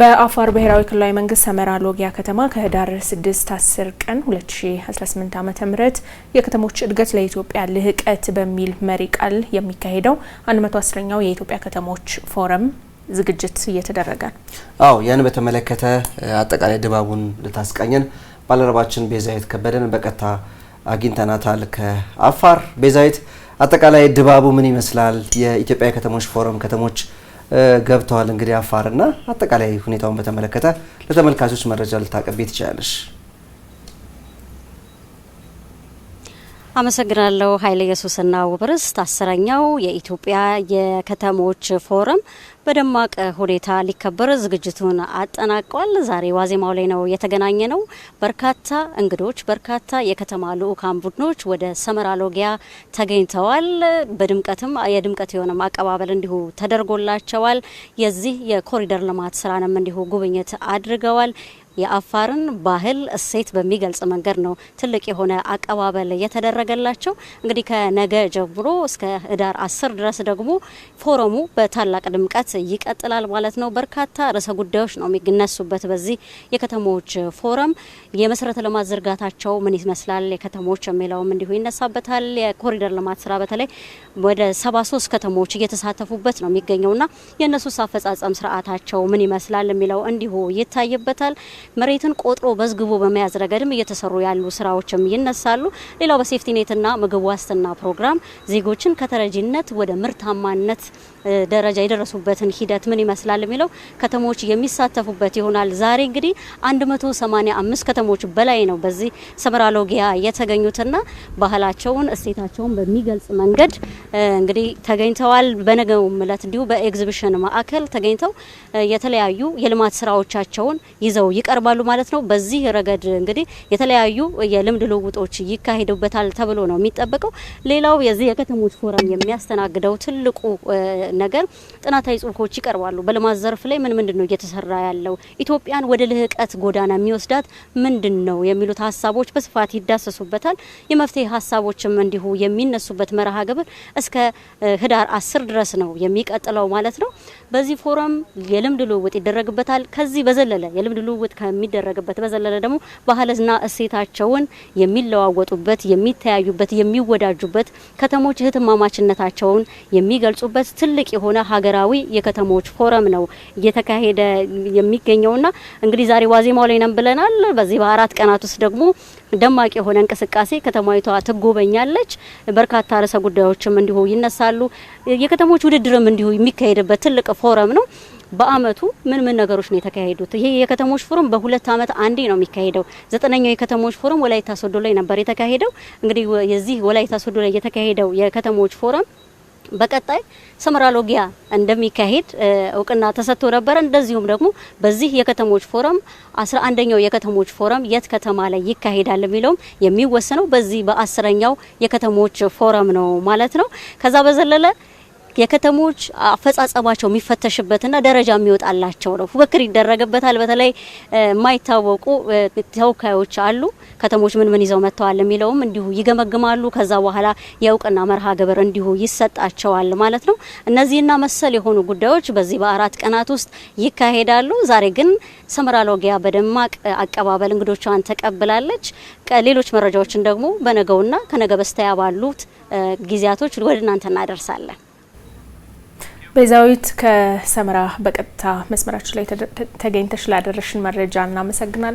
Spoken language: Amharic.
በአፋር ብሔራዊ ክልላዊ መንግስት ሰመራ ሎጊያ ከተማ ከህዳር 6 10 ቀን 2018 ም የከተሞች እድገት ለኢትዮጵያ ልህቀት በሚል መሪ ቃል የሚካሄደው 110ኛው የኢትዮጵያ ከተሞች ፎረም ዝግጅት እየተደረገ ነው። አዎ ያን በተመለከተ አጠቃላይ ድባቡን ልታስቃኘን ባለረባችን ቤዛዊት ከበደን በቀጥታ አግኝተናታል። ከአፋር ቤዛዊት፣ አጠቃላይ ድባቡ ምን ይመስላል? የኢትዮጵያ ከተሞች ፎረም ከተሞች ገብተዋል። እንግዲህ አፋርና አጠቃላይ ሁኔታውን በተመለከተ ለተመልካቾች መረጃ ልታቀቤ ትችላለሽ። አመሰግናለሁ ኃይለ ኢየሱስና ውብርስት። አስረኛው የኢትዮጵያ የከተሞች ፎረም በደማቅ ሁኔታ ሊከበር ዝግጅቱን አጠናቋል። ዛሬ ዋዜማው ላይ ነው የተገናኘ ነው። በርካታ እንግዶች፣ በርካታ የከተማ ልዑካን ቡድኖች ወደ ሰመራ ሎጊያ ተገኝተዋል። በድምቀትም የድምቀት የሆነም አቀባበል እንዲሁ ተደርጎላቸዋል። የዚህ የኮሪደር ልማት ስራንም እንዲሁ ጉብኝት አድርገዋል። የአፋርን ባህል እሴት በሚገልጽ መንገድ ነው ትልቅ የሆነ አቀባበል የተደረገላቸው። እንግዲህ ከነገ ጀምሮ እስከ ህዳር አስር ድረስ ደግሞ ፎረሙ በታላቅ ድምቀት ይቀጥላል ማለት ነው። በርካታ ርዕሰ ጉዳዮች ነው የሚነሱበት በዚህ የከተሞች ፎረም። የመሰረተ ልማት ዝርጋታቸው ምን ይመስላል የከተሞች የሚለውም እንዲሁ ይነሳበታል። የኮሪደር ልማት ስራ በተለይ ወደ ሰባ ሶስት ከተሞች እየተሳተፉበት ነው የሚገኘውና የእነሱስ አፈጻጸም ስርዓታቸው ምን ይመስላል የሚለው እንዲሁ ይታይበታል። መሬትን ቆጥሮ መዝግቦ በመያዝ ረገድም እየተሰሩ ያሉ ስራዎችም ይነሳሉ። ሌላው በሴፍቲ ኔትና ምግብ ዋስትና ፕሮግራም ዜጎችን ከተረጂነት ወደ ምርታማነት ደረጃ የደረሱበትን ሂደት ምን ይመስላል የሚለው ከተሞች የሚሳተፉበት ይሆናል። ዛሬ እንግዲህ 185 ከተሞች በላይ ነው በዚህ ሰመራ ሎጊያ የተገኙትና ባህላቸውን እሴታቸውን በሚገልጽ መንገድ እንግዲህ ተገኝተዋል። በነገው ምለት እንዲሁ በኤግዚቢሽን ማዕከል ተገኝተው የተለያዩ የልማት ስራዎቻቸውን ይዘው ይቀር ይቀርባሉ ማለት ነው። በዚህ ረገድ እንግዲህ የተለያዩ የልምድ ልውውጦች ይካሄዱበታል ተብሎ ነው የሚጠበቀው። ሌላው የዚህ የከተሞች ፎረም የሚያስተናግደው ትልቁ ነገር ጥናታዊ ጽሁፎች ይቀርባሉ። በልማት ዘርፍ ላይ ምን ምንድን ነው እየተሰራ ያለው፣ ኢትዮጵያን ወደ ልህቀት ጎዳና የሚወስዳት ምንድን ነው የሚሉት ሀሳቦች በስፋት ይዳሰሱበታል። የመፍትሄ ሀሳቦችም እንዲሁ የሚነሱበት መርሃ ግብር እስከ ህዳር አስር ድረስ ነው የሚቀጥለው ማለት ነው። በዚህ ፎረም የልምድ ልውውጥ ይደረግበታል። ከዚህ በዘለለ የልምድ ልውውጥ ከሚደረግበት በዘለለ ደግሞ ባህልና እሴታቸውን የሚለዋወጡበት፣ የሚተያዩበት፣ የሚወዳጁበት ከተሞች እህትማማችነታቸውን የሚገልጹበት ትልቅ የሆነ ሀገራዊ የከተሞች ፎረም ነው እየተካሄደ የሚገኘውና እንግዲህ ዛሬ ዋዜማው ላይ ነን ብለናል። በዚህ በአራት ቀናት ውስጥ ደግሞ ደማቅ የሆነ እንቅስቃሴ ከተማዊቷ ትጎበኛለች። በርካታ ርዕሰ ጉዳዮችም እንዲሁ ይነሳሉ። የከተሞች ውድድርም እንዲሁ የሚካሄድበት ትልቅ ፎረም ነው። በአመቱ ምን ምን ነገሮች ነው የተካሄዱት? ይሄ የከተሞች ፎረም በሁለት አመት አንዴ ነው የሚካሄደው። ዘጠነኛው የከተሞች ፎረም ወላይታ ሶዶ ላይ ነበር የተካሄደው። እንግዲህ የዚህ ወላይታ ሶዶ ላይ የተካሄደው የከተሞች ፎረም በቀጣይ ሰመራ ሎጊያ እንደሚካሄድ እውቅና ተሰጥቶ ነበረ። እንደዚሁም ደግሞ በዚህ የከተሞች ፎረም አስራ አንደኛው የከተሞች ፎረም የት ከተማ ላይ ይካሄዳል የሚለውም የሚወሰነው በዚህ በአስረኛው የከተሞች ፎረም ነው ማለት ነው። ከዛ በዘለለ የከተሞች አፈጻጸማቸው የሚፈተሽበትና ደረጃ የሚወጣላቸው ነው። ፉክክር ይደረግበታል። በተለይ የማይታወቁ ተወካዮች አሉ። ከተሞች ምን ምን ይዘው መጥተዋል የሚለውም እንዲሁ ይገመግማሉ። ከዛ በኋላ የእውቅና መርሃ ግብር እንዲሁ ይሰጣቸዋል ማለት ነው። እነዚህና መሰል የሆኑ ጉዳዮች በዚህ በአራት ቀናት ውስጥ ይካሄዳሉ። ዛሬ ግን ሰመራ ሎጊያ በደማቅ አቀባበል እንግዶቿን ተቀብላለች። ሌሎች መረጃዎችን ደግሞ በነገውና ከነገ በስተያ ባሉት ጊዜያቶች ወደ እናንተ እናደርሳለን። ቤዛዊት ከሰመራ በቀጥታ መስመራችን ላይ ተገኝተሽ ላደረሽን መረጃ እናመሰግናለን።